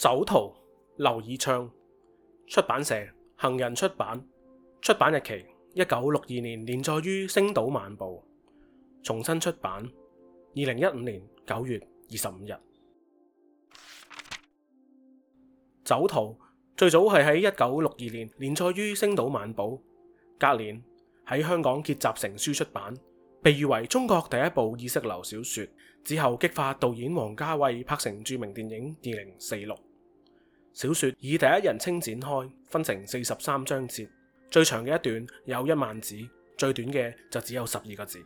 《酒徒》劉以鬯，出版社行人出版，出版日期一九六二年，連載於《星島晚報》，重新出版二零一五年九月二十五日。《酒徒》最早係喺一九六二年連載於《星島晚報》，隔年喺香港結集成書出版，被譽為中國第一部意識流小說，之後激發導演王家衛拍成著名電影《二零四六》。小說以第一人稱展開，分成四十三章節，最長嘅一段有一萬字，最短嘅就只有十二個字。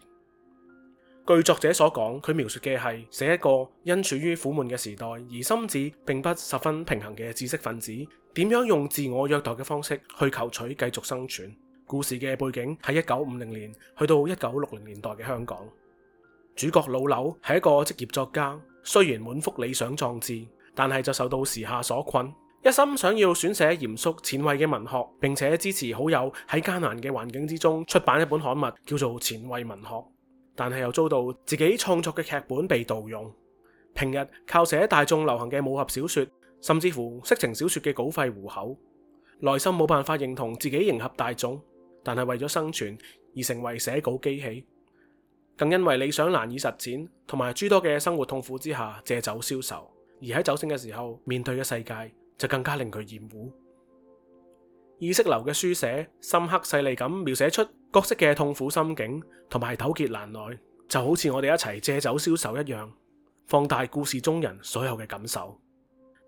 據作者所講，佢描述嘅係寫一個因處於苦悶嘅時代而心智並不十分平衡嘅知識分子，點樣用自我虐待嘅方式去求取繼續生存。故事嘅背景係一九五零年去到一九六零年代嘅香港。主角老劉係一個職業作家，雖然滿腹理想壯志，但係就受到時下所困。一心想要撰寫嚴肅前衛嘅文學，並且支持好友喺艱難嘅環境之中出版一本刊物，叫做前衛文學。但係又遭到自己創作嘅劇本被盜用，平日靠寫大眾流行嘅武俠小說，甚至乎色情小說嘅稿費糊口。內心冇辦法認同自己迎合大眾，但係為咗生存而成為寫稿機器，更因為理想難以實踐，同埋諸多嘅生活痛苦之下借酒消愁。而喺酒醒嘅時候面對嘅世界。就更加令佢厭惡。意識流嘅書寫，深刻細膩咁描寫出角色嘅痛苦心境，同埋糾結難耐，就好似我哋一齊借酒消愁一樣，放大故事中人所有嘅感受。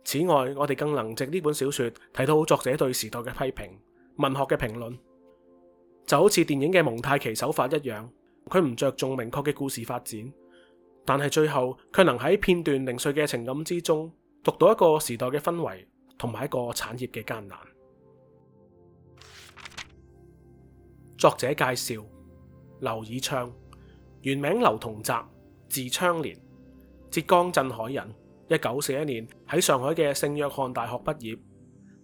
此外，我哋更能藉呢本小說睇到作者對時代嘅批評、文學嘅評論，就好似電影嘅蒙太奇手法一樣，佢唔着重明確嘅故事發展，但係最後卻能喺片段零碎嘅情感之中，讀到一個時代嘅氛圍。同埋一個產業嘅艱難。作者介紹：劉以鬯，原名劉同繹，字昌年，浙江鎮海人。一九四一年喺上海嘅聖約翰大學畢業，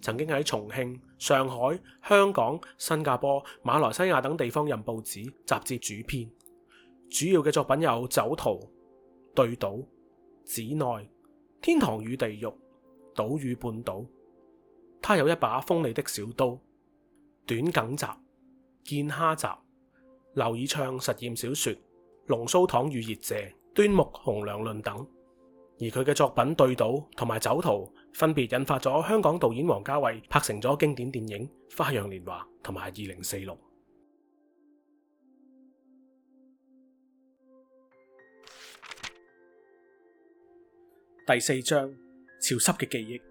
曾經喺重慶、上海、香港、新加坡、馬來西亞等地方任報紙、雜誌主編。主要嘅作品有《酒徒》《對倒》《寺內》《天堂與地獄》。島與半島，他有一把鋒利的小刀、短綆集、見蝦集、劉以鬯實驗小說《龍鬚糖與熱蔗》、端木蕻良論等。而佢嘅作品《對倒》同埋《酒徒》，分別引發咗香港導演王家衛拍成咗經典電影《花樣年華》同埋《二零四六》。第四章。潮濕嘅記憶，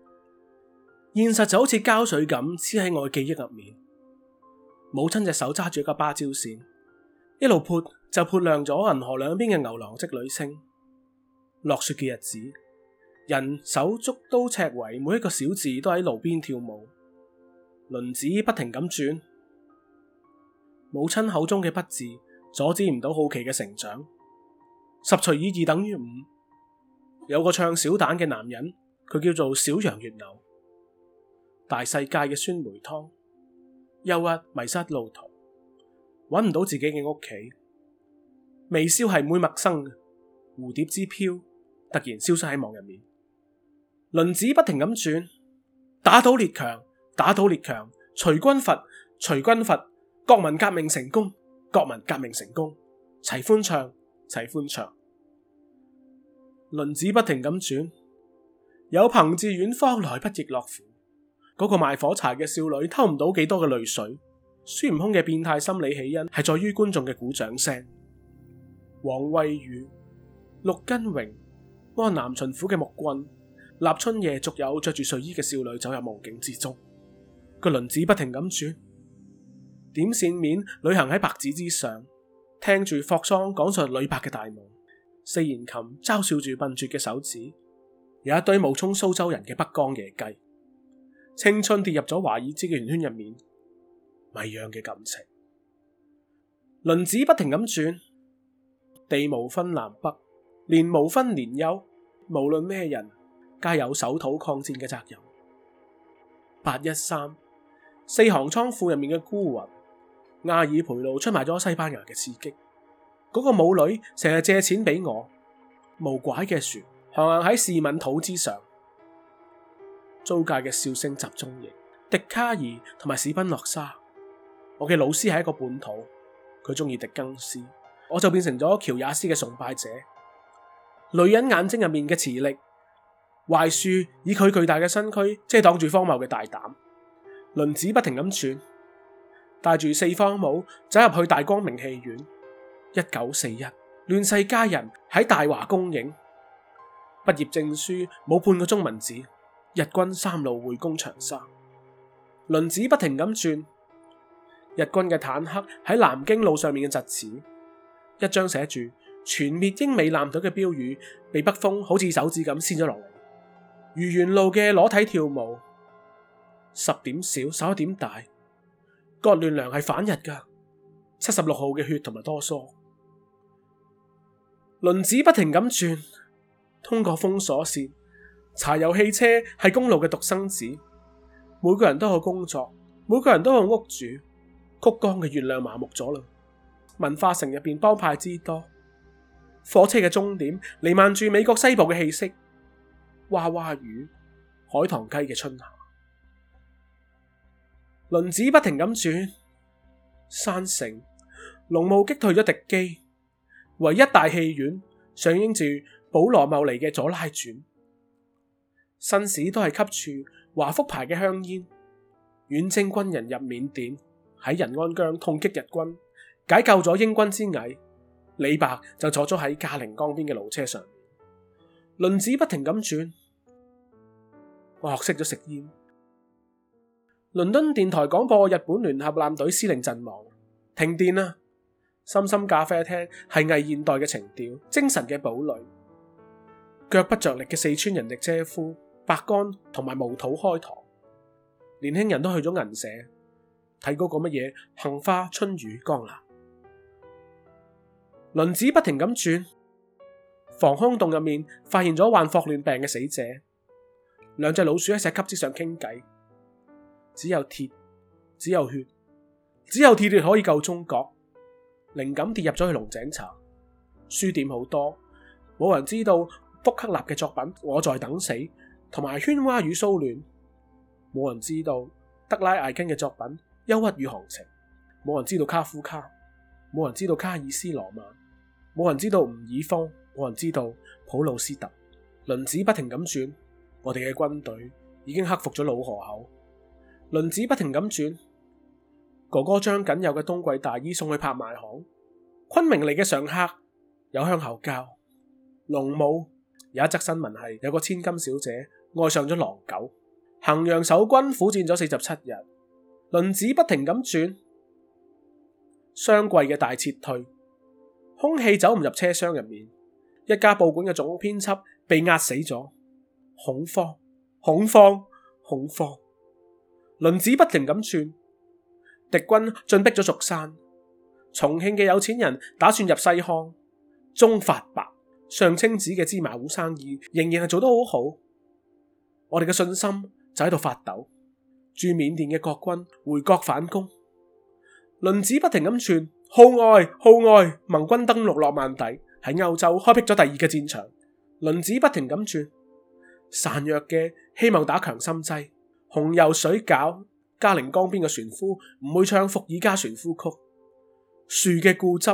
現實就好似膠水咁黐喺我嘅記憶入面。母親隻手揸住一個芭蕉扇，一路撥就撥亮咗銀河兩邊嘅牛郎織女星。落雪嘅日子，人手足刀尺為每一個小字都喺路邊跳舞，輪子不停咁轉。母親口中嘅不字，阻止唔到好奇嘅成長。十除以二等於五。有個唱小旦嘅男人。佢叫做小羊月柳，大世界嘅酸梅湯，憂鬱迷失路途，揾唔到自己嘅屋企，微笑係每陌生嘅蝴蝶之飄，突然消失喺網入面，輪子不停咁轉，打倒列強，打倒列強，除軍閥，除軍閥，國民革命成功，國民革命成功，齊歡唱，齊歡唱，輪子不停咁轉。有朋自遠方來不亦樂乎？嗰、那個賣火柴嘅少女偷唔到幾多嘅淚水。孫悟空嘅變態心理起因係在於觀眾嘅鼓掌聲。黃慧宇、陸根榮、安南巡撫嘅木棍、立春夜續有着住睡衣嘅少女走入夢境之中，個輪子不停咁轉，點線面旅行喺白紙之上，聽住霍桑講述李白嘅大夢，四弦琴嘲笑住笨拙嘅手指。有一堆冒充蘇州人嘅北江野雞，青春跌入咗華爾茲嘅圓圈入面，迷樣嘅感情。輪子不停咁轉，地無分南北，年無分年幼，無論咩人，皆有守土抗戰嘅責任。八一三，四行倉庫入面嘅孤魂，阿爾培路出賣咗西班牙嘅刺激，嗰、那個舞女成日借錢俾我，無拐嘅船。航行喺市民土之上，租界嘅笑聲集中營，笛卡爾同埋史賓諾莎，我嘅老師係一個本土，佢中意迪更斯，我就變成咗喬亞斯嘅崇拜者。女人眼睛入面嘅磁力，槐樹以佢巨大嘅身軀遮擋住荒謬嘅大膽，輪子不停咁轉，帶住四方帽走入去大光明戲院，一九四一，亂世佳人喺大華公映。畢業證書冇半個中文字。日軍三路回攻長沙，輪子不停咁轉。日軍嘅坦克喺南京路上面嘅疾馳，一張寫住全滅英美艦隊嘅標語，被北風好似手指咁撕咗落嚟。愚園路嘅裸體跳舞，十點小，十一點大。郭連良係反日噶。七十六號嘅血同埋哆嗦，輪子不停咁轉。通過封鎖線，柴油汽車係公路嘅獨生子。每個人都有工作，每個人都有屋住。谷光嘅月亮麻木咗啦。文化城入邊幫派之多，火車嘅終點彌漫住美國西部嘅氣息。娃娃魚、海棠雞嘅春夏，輪子不停咁轉。山城，龍霧擊退咗敵機，唯一大戲院上映住。保羅茂尼嘅左拉傳，紳士都係吸住華福牌嘅香煙。遠征軍人入緬甸，喺仁安羌痛擊日軍，解救咗英軍之危。李白就坐咗喺嘉陵江邊嘅路車上面。輪子不停咁轉。我學識咗食煙。倫敦電台廣播日本聯合艦隊司令陣亡，停電啦，啊。深深咖啡廳係偽現代嘅情調、精神嘅堡壘。腳不着力嘅四川人力車夫，白乾同埋無土開糖。年輕人都去咗銀社睇嗰個乜嘢杏花春雨江南。輪子不停咁轉，防空洞入面發現咗患霍亂病嘅死者，兩隻老鼠喺石級之上傾偈，只有鐵，只有血，只有鐵鏈可以救中國。靈感跌入咗去龍井茶書店，好多冇人知道。福克納嘅作品《我在等死》同埋《喧嘩與騷亂》，冇人知道德拉艾根嘅作品《憂鬱與航程》，冇人知道卡夫卡，冇人知道卡爾斯羅曼，冇人知道吳爾峰，冇人知道普魯斯特。輪子不停咁轉，我哋嘅軍隊已經克服咗老河口。輪子不停咁轉，哥哥將僅有嘅冬季大衣送去拍賣行。昆明嚟嘅上客有向後教龍母。有一則新聞係有個千金小姐愛上咗狼狗，衡陽守軍苦戰咗四十七日，輪子不停咁轉，雙季嘅大撤退，空氣走唔入車廂入面，一家報館嘅總編輯被壓死咗，恐慌恐慌恐慌，輪子不停咁轉，敵軍進逼咗蜀山，重慶嘅有錢人打算入西康，中發白。上清寺嘅芝麻糊生意仍然係做得好好，我哋嘅信心就喺度發抖。駐緬甸嘅國軍回國反攻，輪子不停咁轉，號外號外！盟軍登陸諾曼底喺歐洲開闢咗第二個戰場。輪子不停咁轉，孱弱嘅希望打強心劑，紅油水餃嘉陵江邊嘅船夫唔會唱伏爾加船夫曲，樹嘅固執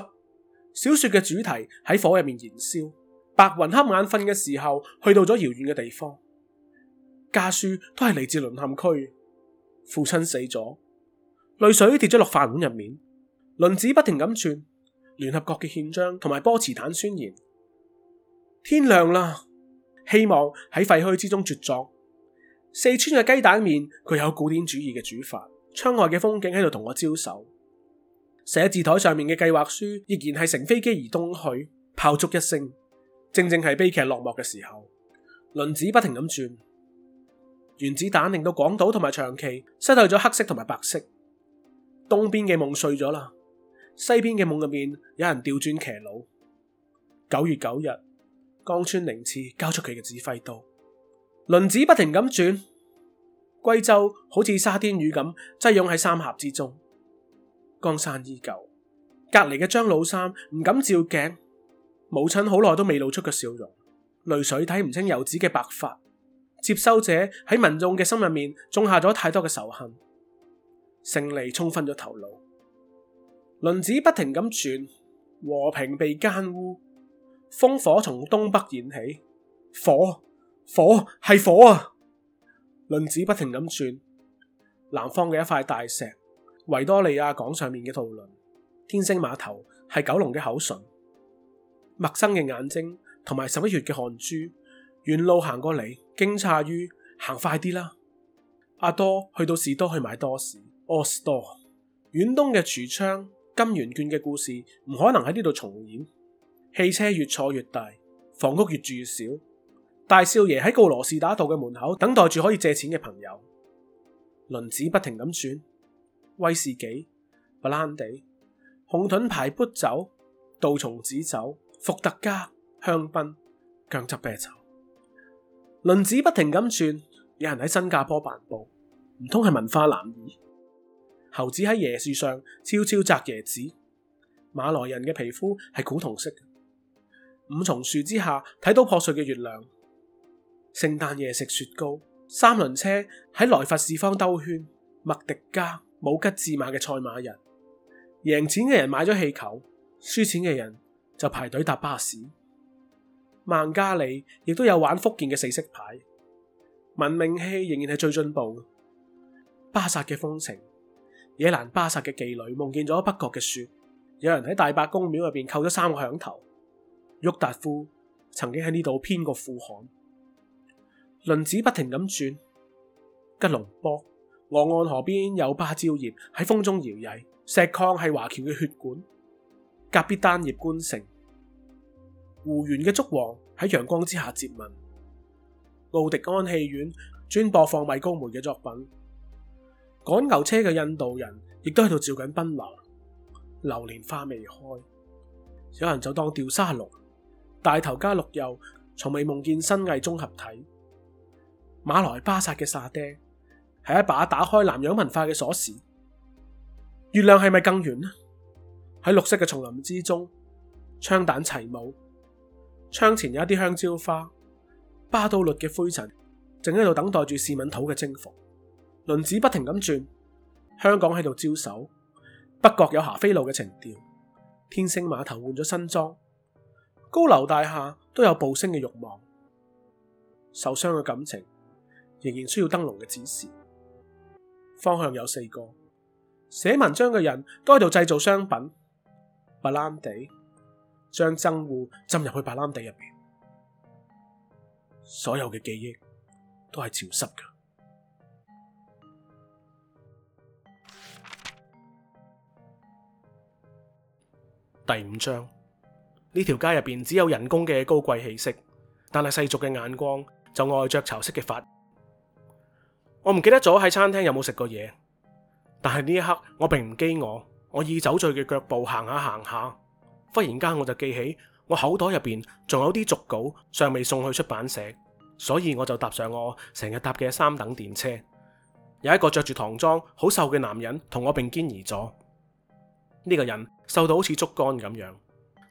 小說嘅主題喺火入面燃燒。白雲黑眼瞓嘅時候，去到咗遙遠嘅地方。家書都係嚟自淪陷區，父親死咗，淚水跌咗落飯碗入面。輪子不停咁轉，聯合國嘅憲章同埋波茨坦宣言。天亮啦，希望喺廢墟之中絕作。四川嘅雞蛋麵，佢有古典主義嘅煮法。窗外嘅風景喺度同我招手。寫字台上面嘅計劃書，依然係乘飛機而東去。炮竹一聲。正正係悲劇落幕嘅時候，輪子不停咁轉，原子彈令到廣島同埋長崎失去咗黑色同埋白色。東邊嘅夢碎咗啦，西邊嘅夢入面有人調轉騎佬。九月九日，岡村寧次交出佢嘅指揮刀，輪子不停咁轉，貴州好似沙天魚咁擠擁喺三峽之中，江山依舊。隔籬嘅張老三唔敢照鏡。.母親好耐都未露出嘅笑容，淚水睇唔清游子嘅白髮。接收者喺民眾嘅心入面種下咗太多嘅仇恨。勝利沖昏咗頭腦，輪子不停咁轉，和平被奸污，烽火從東北燃起，火，火，係火啊！輪子不停咁轉，南方嘅一塊大石，維多利亞港上面嘅渡輪，天星碼頭，係九龍嘅口唇。陌生嘅眼睛，同埋十一月嘅汗珠，沿路行過嚟，驚詫於行快啲啦。阿多去到士多去買多士，All Store。遠東嘅櫥窗，金圓券嘅故事唔可能喺呢度重演。汽車越坐越大，房屋越住越少。大少爺喺告羅士打道嘅門口等待住可以借錢嘅朋友。輪子不停咁轉，威士忌、布蘭地、紅盾牌砵酒、杜松子酒。伏特加、香檳、薑汁啤酒，輪子不停咁轉，有人喺新加坡漫步，唔通係文化男兒。猴子喺椰樹上悄悄摘椰子，馬來人嘅皮膚係古銅色。五重樹之下睇到破碎嘅月亮，聖誕夜食雪糕，三輪車喺來佛士方兜圈，麥迪加、冇吉至馬嘅賽馬人，贏錢嘅人買咗氣球，輸錢嘅人，就排隊搭巴士，孟加里亦都有玩福建嘅四色牌，文明戲仍然係最進步。巴薩嘅風情，野蘭巴薩嘅妓女夢見咗北國嘅雪，有人喺大伯公廟入邊叩咗三個響頭。郁達夫曾經喺呢度編過副刊，輪子不停咁轉，吉隆坡河岸，岸河邊有芭蕉葉喺風中搖曳，石礦係華僑嘅血管。隔壁單葉官城，湖園嘅竹王喺陽光之下接吻。奧迪安戲院專播放米高梅嘅作品。趕牛車嘅印度人亦都喺度照緊檳榔。榴蓮花未開，有人就當掉沙龍。大頭加綠油，從未夢見新藝綜合體。馬來巴薩嘅沙爹係一把打開南洋文化嘅鎖匙。月亮係咪更遠呢？喺綠色嘅叢林之中，槍彈齊舞，窗前有一啲香蕉花，巴多律嘅灰塵正喺度等待住士敏土嘅征服，輪子不停咁轉，香港喺度招手，北角有霞飛路嘅情調，天星碼頭換咗新裝，高樓大廈都有報升嘅欲望，受傷嘅感情仍然需要燈籠嘅指示，方向有四個，寫文章嘅人都喺度製造商品。白蘭地將憎惡浸入去白蘭地入邊，所有嘅記憶都係潮濕嘅。第五章，呢條街入邊只有人工嘅高貴氣息，但係世俗嘅眼光就愛着潮濕嘅髮。我唔記得咗喺餐廳有冇食過嘢，但係呢一刻我並唔飢餓。我以酒醉嘅腳步行下行下，忽然間我就記起我口袋入邊仲有啲續稿尚未送去出版社，所以我就搭上我成日搭嘅三等電車。有一個着住唐裝、好瘦嘅男人同我並肩而坐，呢個人瘦到好似竹竿咁樣，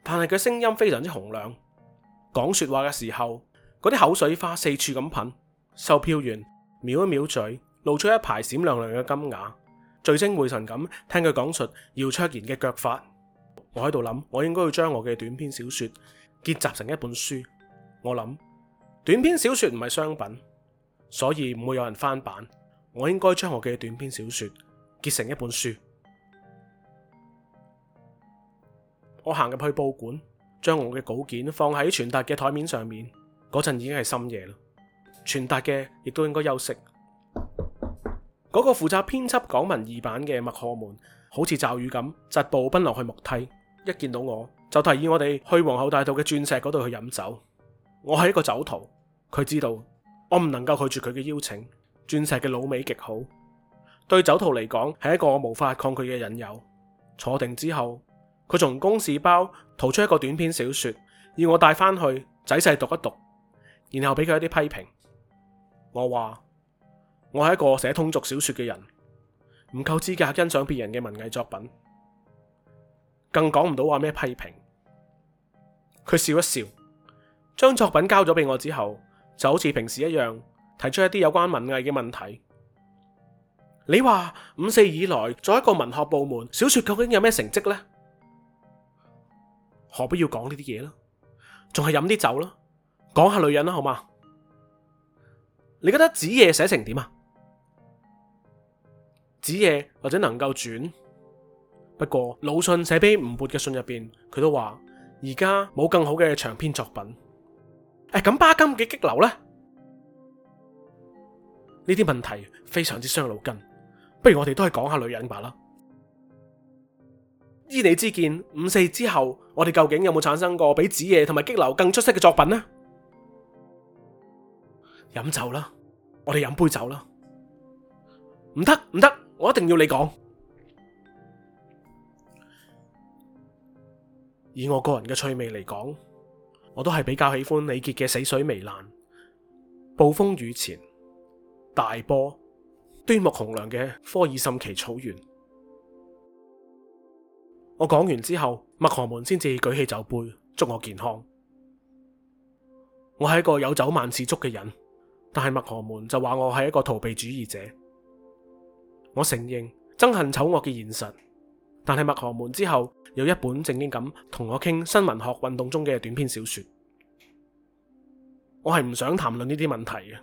但係佢聲音非常之洪亮，講說話嘅時候嗰啲口水花四處咁噴，售票員，瞄一瞄嘴，露出一排閃亮亮嘅金牙。聚精會神咁聽佢講述姚卓然嘅腳法，我喺度諗，我應該要將我嘅短篇小說結集成一本書。我諗短篇小說唔係商品，所以唔會有人翻版。我應該將我嘅短篇小說結成一本書。我行入去報館，將我嘅稿件放喺傳達嘅台面上面。嗰陣已經係深夜啦，傳達嘅亦都應該休息。嗰個負責編輯港文二版嘅麥荷門，好似驟雨咁疾步奔落去木梯，一見到我就提議我哋去皇后大道嘅鑽石嗰度去飲酒。我係一個酒徒，佢知道我唔能夠拒絕佢嘅邀請。鑽石嘅老味極好，對酒徒嚟講係一個我無法抗拒嘅引誘。坐定之後，佢從公事包掏出一個短篇小說，要我帶翻去仔細讀一讀，然後俾佢一啲批評。我話。我係一個寫通俗小說嘅人，唔夠資格欣賞別人嘅文藝作品，更講唔到話咩批評。佢笑一笑，將作品交咗俾我之後，就好似平時一樣提出一啲有關文藝嘅問題。你話五四以來，作為一個文學部門，小說究竟有咩成績呢？何必要講呢啲嘢啦？仲係飲啲酒啦，講下女人啦，好嘛？你覺得子夜寫成點啊？子夜或者能夠轉，不過魯迅寫畀吳撥嘅信入邊，佢都話而家冇更好嘅長篇作品。誒、哎，咁巴金嘅激流呢？呢啲問題非常之傷腦筋。不如我哋都係講下女人吧啦。依你之見，五四之後我哋究竟有冇產生過比子夜同埋激流更出色嘅作品呢？飲酒啦，我哋飲杯酒啦。唔得，唔得。我一定要你講。以我個人嘅趣味嚟講，我都係比較喜歡李杰嘅死水微瀾、暴風雨前、大波、端木蕻良嘅科爾沁旗草原。我講完之後，麥荷門先至舉起酒杯祝我健康。我係一個有酒萬事足嘅人，但係麥荷門就話我係一個逃避主義者。我承認憎恨醜惡嘅現實，但係麥荷門之後有一本正經咁同我傾新文學運動中嘅短篇小說。我係唔想談論呢啲問題嘅。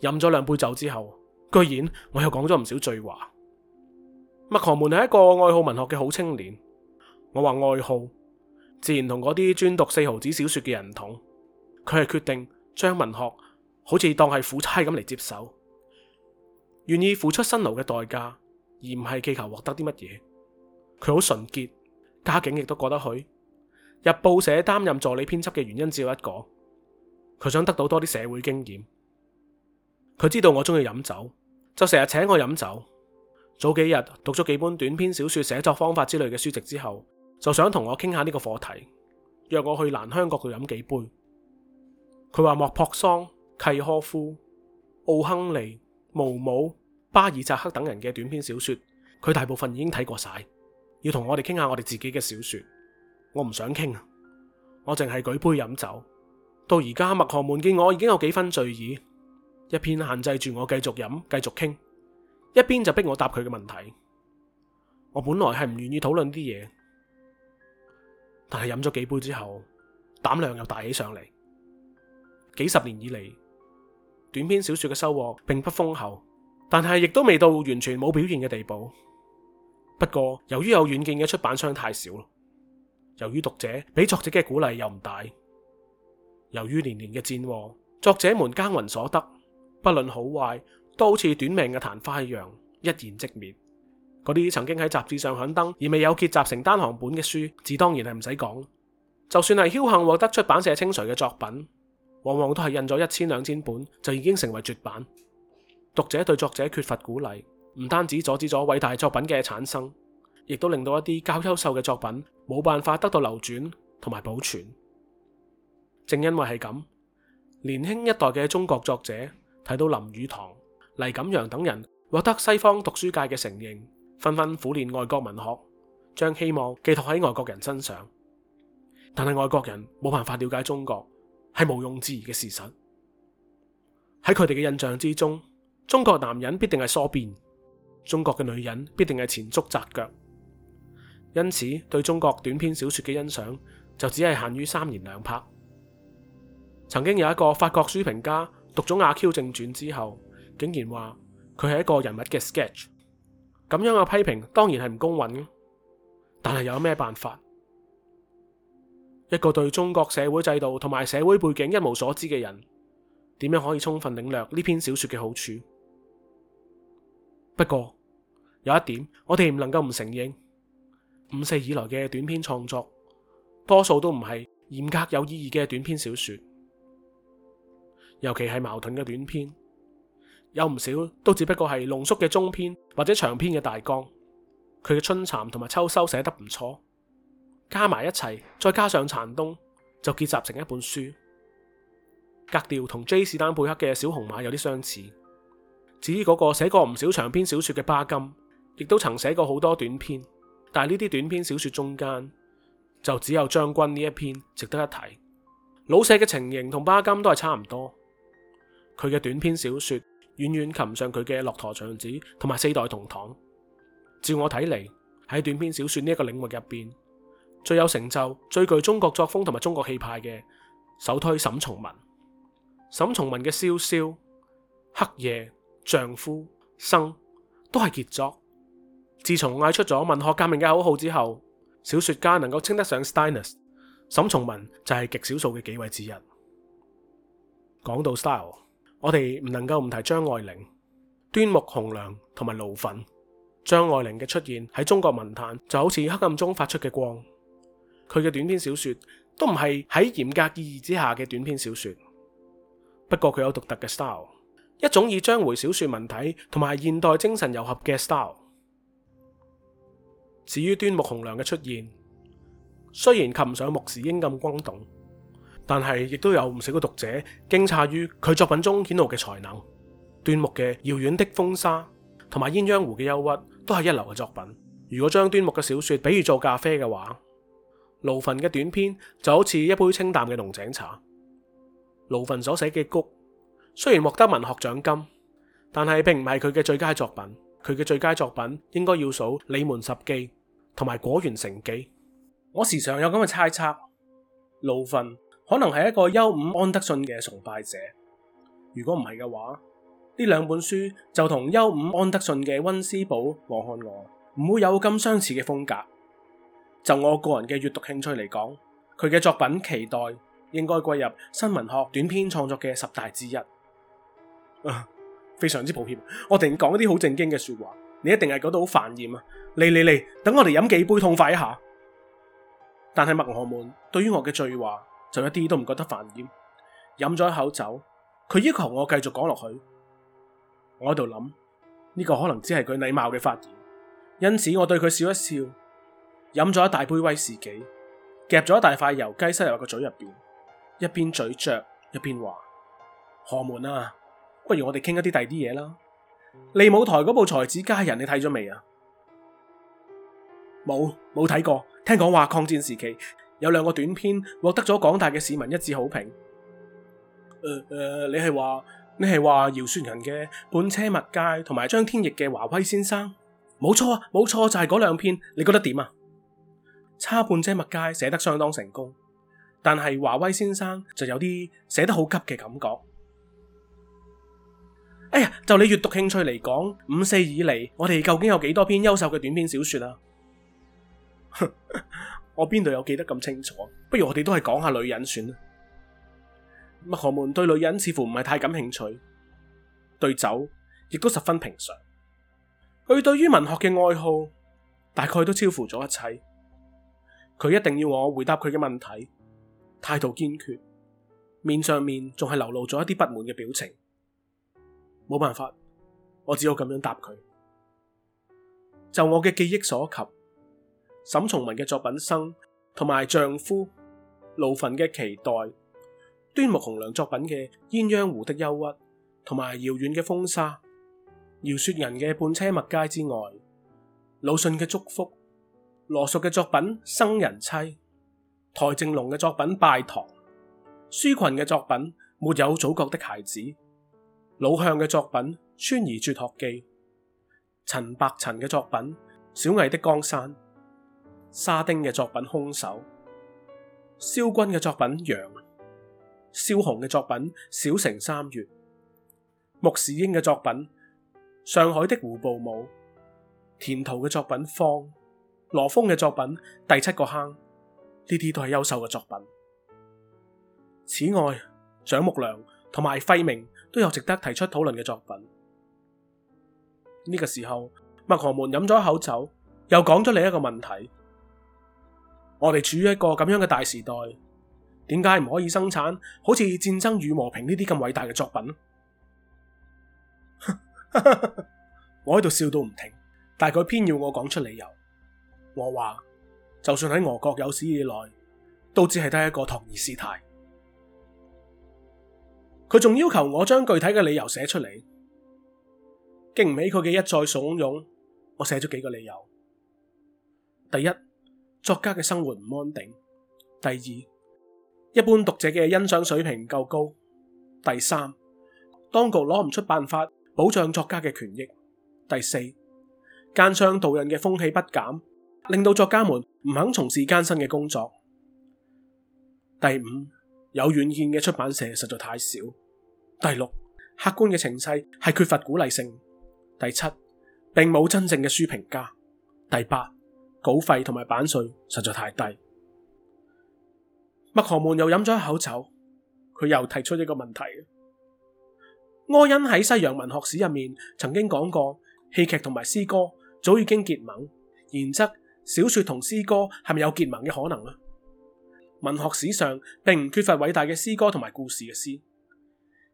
飲咗兩杯酒之後，居然我又講咗唔少醉話。麥荷門係一個愛好文學嘅好青年。我話愛好，自然同嗰啲專讀四毫子小說嘅人唔同。佢係決定將文學好似當係苦差咁嚟接手。願意付出辛勞嘅代價，而唔係祈求獲得啲乜嘢。佢好純潔，家境亦都過得去。日報社擔任助理編輯嘅原因只有一個，佢想得到多啲社會經驗。佢知道我中意飲酒，就成日請我飲酒。早幾日讀咗幾本短篇小說寫作方法之類嘅書籍之後，就想同我傾下呢個課題，約我去蘭香閣度飲幾杯。佢話莫泊桑、契訶夫、奧亨利、毛姆。巴爾扎克等人嘅短篇小說，佢大部分已經睇過晒。要同我哋傾下我哋自己嘅小說，我唔想傾啊！我淨係舉杯飲酒。到而家，麥荷門見我，我已經有幾分醉意，一片限制住我繼續飲、繼續傾，一邊就逼我答佢嘅問題。我本來係唔願意討論啲嘢，但係飲咗幾杯之後，膽量又大起上嚟。幾十年以嚟，短篇小說嘅收穫並不豐厚。但係亦都未到完全冇表現嘅地步。不過由於有遠見嘅出版商太少咯，由於讀者俾作者嘅鼓勵又唔大，由於年年嘅戰禍，作者們耕耘所得，不論好壞，都好似短命嘅曇花一樣，一現即滅。嗰啲曾經喺雜誌上刊登而未有結集成單行本嘅書，自當然係唔使講。就算係僥倖獲得出版社青睞嘅作品，往往都係印咗一千兩千本就已經成為絕版。讀者對作者缺乏鼓勵，唔單止阻止咗偉大作品嘅產生，亦都令到一啲較優秀嘅作品冇辦法得到流轉同埋保存。正因為係咁，年輕一代嘅中國作者睇到林語堂、黎錦揚等人獲得西方讀書界嘅承認，紛紛苦練外國文學，將希望寄託喺外國人身上。但係外國人冇辦法了解中國，係毋庸置疑嘅事實。喺佢哋嘅印象之中。中國男人必定係梳辮，中國嘅女人必定係前足紮腳，因此對中國短篇小說嘅欣賞就只係限於三言兩拍。曾經有一個法國書評家讀咗《阿 Q 正傳》之後，竟然話佢係一個人物嘅 sketch，咁樣嘅批評當然係唔公允，但係有咩辦法？一個對中國社會制度同埋社會背景一無所知嘅人，點樣可以充分領略呢篇小說嘅好處？不過有一點，我哋唔能夠唔承認，五四以來嘅短篇創作，多數都唔係嚴格有意義嘅短篇小說，尤其係矛盾嘅短篇，有唔少都只不過係濃縮嘅中篇或者長篇嘅大綱。佢嘅春蠶同埋秋收寫得唔錯，加埋一齊，再加上殘冬，就結集成一本書，格調同 J· 士丹貝克嘅《小紅馬》有啲相似。至於嗰個寫過唔少長篇小說嘅巴金，亦都曾寫過好多短篇，但係呢啲短篇小說中間就只有將軍呢一篇值得一睇。老舍嘅情形同巴金都係差唔多，佢嘅短篇小說遠遠及唔上佢嘅《駱駝祥子》同埋《四代同堂》。照我睇嚟，喺短篇小說呢一個領域入邊，最有成就、最具中國作風同埋中國氣派嘅，首推沈從文。沈從文嘅《蕭蕭》《黑夜》丈夫生都係傑作。自從嗌出咗文學革命嘅口號之後，小說家能夠稱得上 Stylist，沈從文就係極少數嘅幾位之一。講到 style，我哋唔能夠唔提張愛玲、端木蕻良同埋盧焚。張愛玲嘅出現喺中國文壇，就好似黑暗中發出嘅光。佢嘅短篇小說都唔係喺嚴格意義之下嘅短篇小說，不過佢有獨特嘅 style。一種以章回小說文體同埋現代精神糅合嘅 style。至於端木蕻良嘅出現，雖然及唔上穆時英咁轟動，但係亦都有唔少嘅讀者驚詫於佢作品中顯露嘅才能。端木嘅《遙遠的風沙》同埋《鴛鴦湖嘅憂鬱》都係一流嘅作品。如果將端木嘅小說比喻做咖啡嘅話，蘆焚嘅短篇就好似一杯清淡嘅龍井茶。蘆焚所寫嘅谷，雖然獲得文學獎金，但係並唔係佢嘅最佳作品。佢嘅最佳作品應該要數《里門拾記》同埋《果園城記》。我時常有咁嘅猜測：蘆焚可能係一個休伍安德遜嘅崇拜者。如果唔係嘅話，呢兩本書就同休伍安德遜嘅《溫斯堡·我看我》，唔會有咁相似嘅風格。就我個人嘅閱讀興趣嚟講，佢嘅作品期待應該歸入新文學短篇創作嘅十大之一。 非常之抱歉，我突然講一啲好正經嘅說話，你一定係覺得好煩厭啊！嚟嚟嚟，等我哋飲幾杯痛快一下。但係麥荷門對於我嘅醉話，就一啲都唔覺得煩厭，飲咗一口酒，佢要求我繼續講落去。我喺度諗，呢個可能只係佢禮貌嘅發言，因此我對佢笑一笑，飲咗一大杯威士忌，夾咗一大塊油雞塞入個嘴入邊，一邊咀嚼一邊話：荷門啊！不如我哋傾一啲第二啲嘢啦。利舞台嗰部《才子佳人》你，你睇咗未啊？冇冇睇過？聽講話抗戰時期有兩個短篇獲得咗廣大嘅市民一致好評。誒誒、呃呃，你係話你係話姚雪垠嘅《半車麥秸》同埋張天翼嘅《華威先生》錯？冇錯啊，冇錯就係嗰兩篇。你覺得點啊？《差半車麥秸》寫得相當成功，但係《華威先生》就有啲寫得好急嘅感覺。哎呀，就你閱讀興趣嚟講，五四以嚟，我哋究竟有幾多篇優秀嘅短篇小說啊？ 我邊度有記得咁清楚？不如我哋都係講下女人算啦。麥荷門對女人似乎唔係太感興趣，對酒亦都十分平常。佢對於文學嘅愛好，大概都超乎咗一切。佢一定要我回答佢嘅問題，態度堅決，面上面仲係流露咗一啲不滿嘅表情。冇辦法，我只好咁樣答佢。就我嘅記憶所及，沈從文嘅作品《生》同埋丈夫蘆焚嘅期待，端木蕻良作品嘅《鴛鴦湖的憂鬱》同埋遙遠嘅風沙，姚雪人嘅《半車麥街》之外，魯迅嘅祝福，羅淑嘅作品《生人妻》，台靜農嘅作品《拜堂》，舒群嘅作品《沒有祖國的孩子》。老向嘅作品《村兒退學記》，陳白塵嘅作品《小魏的江山》，沙丁嘅作品《凶手》，蕭軍嘅作品《羊》，蕭紅嘅作品《小城三月》，穆時英嘅作品《上海的狐步舞》，田濤嘅作品《荒》，羅烽嘅作品《第七個坑》，呢啲都係優秀嘅作品。此外，蔣牧良同埋費明。都有值得提出討論嘅作品。呢、這個時候，麥荷們飲咗一口酒，又講咗另一個問題：我哋處於一個咁樣嘅大時代，點解唔可以生產好似《戰爭與和平》呢啲咁偉大嘅作品？ 我喺度笑到唔停，但係佢偏要我講出理由。我話就算喺俄國有史以來，都只係得一個托爾斯泰。佢仲要求我將具體嘅理由寫出嚟，經唔起佢嘅一再慫恿，我寫咗幾個理由：第一，作家嘅生活唔安定；第二，一般讀者嘅欣賞水平唔夠高；第三，當局攞唔出辦法保障作家嘅權益；第四，奸商盜印嘅風氣不減，令到作家們唔肯從事艱辛嘅工作；第五，有遠見嘅出版社實在太少。第六，客觀嘅情勢係缺乏鼓勵性；第七，並冇真正嘅書評家；第八，稿費同埋版稅實在太低。麥荷門又飲咗一口酒，佢又提出一個問題：柯恩喺西洋文學史入面曾經講過，戲劇同埋詩歌早已經結盟，然則小說同詩歌係咪有結盟嘅可能啊？文學史上並唔缺乏偉大嘅詩歌同埋故事嘅詩。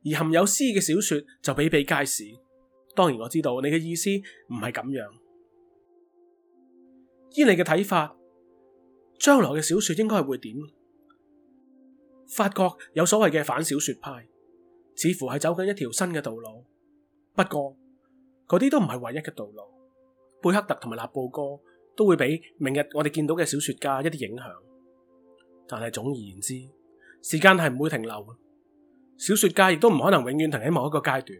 而含有詩意嘅小說就比比皆是。當然我知道你嘅意思唔係咁樣。依你嘅睇法，將來嘅小說應該係會點？法國有所謂嘅反小說派，似乎係走緊一條新嘅道路。不過嗰啲都唔係唯一嘅道路。貝克特同埋納布哥都會俾明日我哋見到嘅小說家一啲影響。但係總而言之，時間係唔會停留嘅。小說界亦都唔可能永遠停喺某一個階段。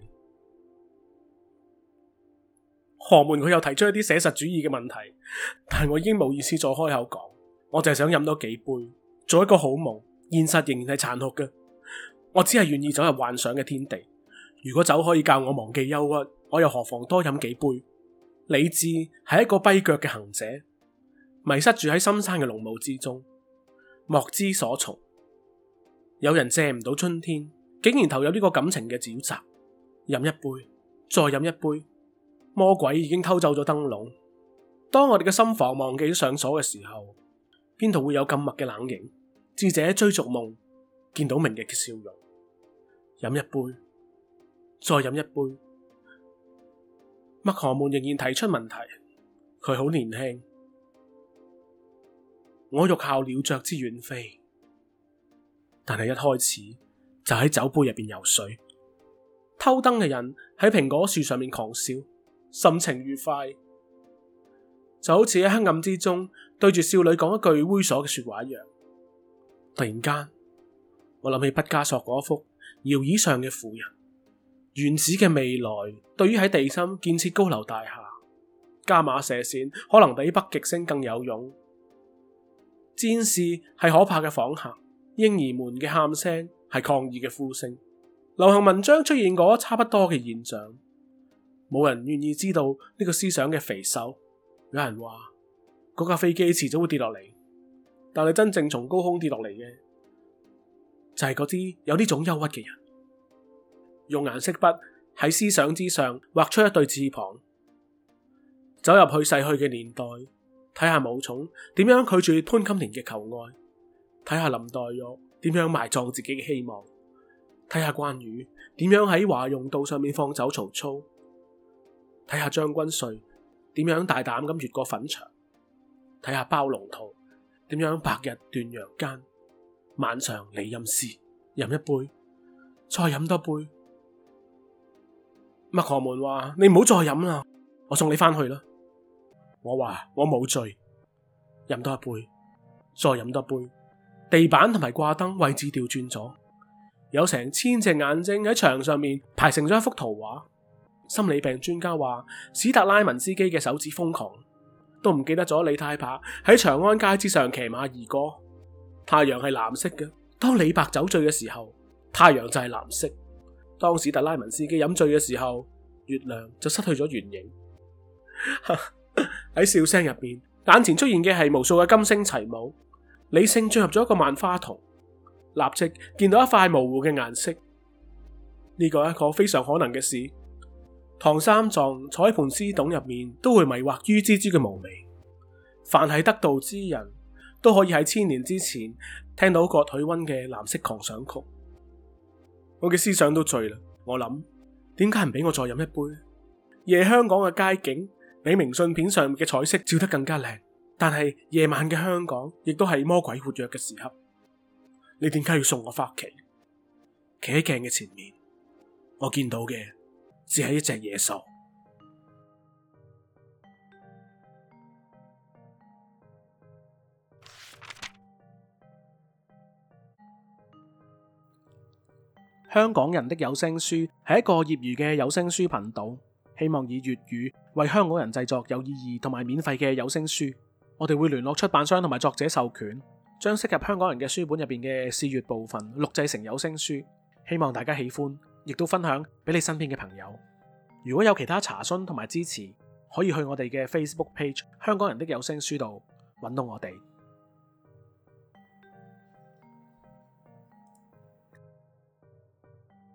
荷門佢又提出一啲寫實主義嘅問題，但係我已經冇意思再開口講。我就係想飲多幾杯，做一個好夢。現實仍然係殘酷嘅，我只係願意走入幻想嘅天地。如果酒可以教我忘記憂鬱，我又何妨多飲幾杯？理智係一個跛腳嘅行者，迷失住喺深山嘅濃霧之中，莫知所從。有人借唔到春天。竟然投入呢個感情嘅沼澤，飲一杯，再飲一杯。魔鬼已經偷走咗燈籠。當我哋嘅心房忘記咗上鎖嘅時候，邊度會有咁密嘅冷凝？智者追逐夢，見到明日嘅笑容。飲一杯，再飲一杯。麥荷們仍然提出問題。佢好年輕，我欲效鳥雀之遠飛，但係一開始。就喺酒杯入邊游水，偷燈嘅人喺蘋果樹上面狂笑，心情愉快，就好似喺黑暗之中對住少女講一句猥瑣嘅說話一樣。突然間，我諗起畢加索嗰幅搖椅上嘅婦人，原始嘅未來，對於喺地心建設高樓大廈、伽馬射線，可能比北極星更有用。戰士係可怕嘅房客，嬰兒們嘅喊聲。係抗議嘅呼聲，流行文章出現過差不多嘅現象，冇人願意知道呢個思想嘅肥瘦。有人話嗰架飛機遲早會跌落嚟，但係真正從高空跌落嚟嘅就係嗰啲有呢種憂鬱嘅人，用顏色筆喺思想之上畫出一對翅膀，走入去逝去嘅年代，睇下武松點樣拒絕潘金蓮嘅求愛，睇下林黛玉。點樣埋葬自己嘅希望，睇下關羽點樣喺華容道上面放走曹操，睇下張君瑞點樣大膽咁越過粉牆，睇下包龍圖點樣白日斷陽間，晚上理陰司，飲一杯，再飲多杯。麥荷門話，你唔好再飲啦，我送你翻去啦。我話我冇醉，飲多一杯，再飲多杯。地板同埋掛燈位置調轉咗，有成千隻眼睛喺牆上面排成咗一幅圖畫。心理病專家話，史特拉文斯基嘅手指瘋狂，都唔記得咗李太白喺長安街之上騎馬而過。太陽係藍色嘅，當李白酒醉嘅時候，太陽就係藍色；當史特拉文斯基飲醉嘅時候，月亮就失去咗圓形。喺笑聲入邊，眼前出現嘅係無數嘅金星齊舞。理性進入咗一個萬花筒，立即見到一塊模糊嘅顏色。呢個係一個非常可能嘅事。唐三藏坐喺盤絲洞入面，都會迷惑於蜘蛛嘅無味。凡係得道之人都可以喺千年之前聽到郭采溫嘅藍色狂想曲。我嘅思想都醉啦，我諗，點解唔俾我再飲一杯？夜香港嘅街景比明信片上面嘅彩色照得更加靚。但係夜晚嘅香港，亦都係魔鬼活躍嘅時刻。你點解要送我翻屋企？企喺鏡嘅前面，我見到嘅只係一隻野獸。香港人的有聲書係一個業餘嘅有聲書頻道，希望以粵語為香港人製作有意義同埋免費嘅有聲書。我哋會聯絡出版商同埋作者授權，將適合香港人嘅書本入邊嘅試閱部分錄製成有聲書，希望大家喜歡，亦都分享俾你身邊嘅朋友。如果有其他查詢同埋支持，可以去我哋嘅 Facebook Page《香港人的有聲書》度揾到我哋。